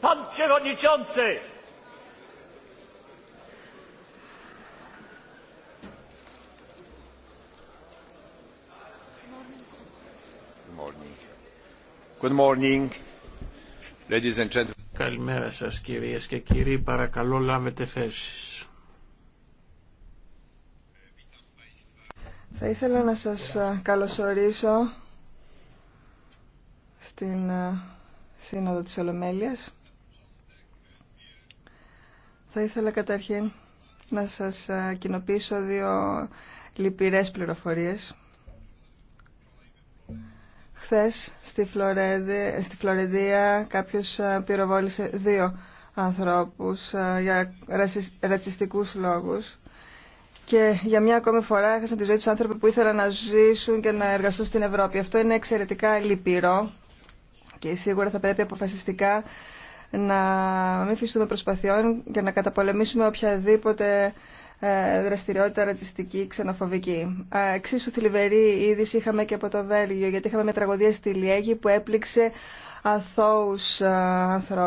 Pan Καλημέρα σας κυρίες και κύριοι, παρακαλώ λάβετε θέσεις. Θα ήθελα να σας καλωσορίσω στην Σύνοδο της Ολομέλειας. Θα ήθελα καταρχήν να σας ε, κοινοποιήσω δύο λυπηρές πληροφορίες. Χθες στη, Φλωρέδη, στη Φλωρεντία κάποιος ε, πυροβόλησε δύο ανθρώπους ε, για ρατσιστικούς λόγους και για μια ακόμη φορά έχασαν τη ζωή τους άνθρωποι που ήθελαν να ζήσουν και να εργαστούν στην Ευρώπη. Αυτό είναι εξαιρετικά λυπηρό και σίγουρα θα πρέπει αποφασιστικά να μην φυστούμε προσπαθειών και να καταπολεμήσουμε οποιαδήποτε ε, δραστηριότητα ρατσιστική, ξενοφοβική. Ε, εξίσου θλιβερή είδηση είχαμε και από το Βέλγιο, γιατί είχαμε μια τραγωδία στη Λιέγη που έπληξε αθώους ε, ανθρώπους.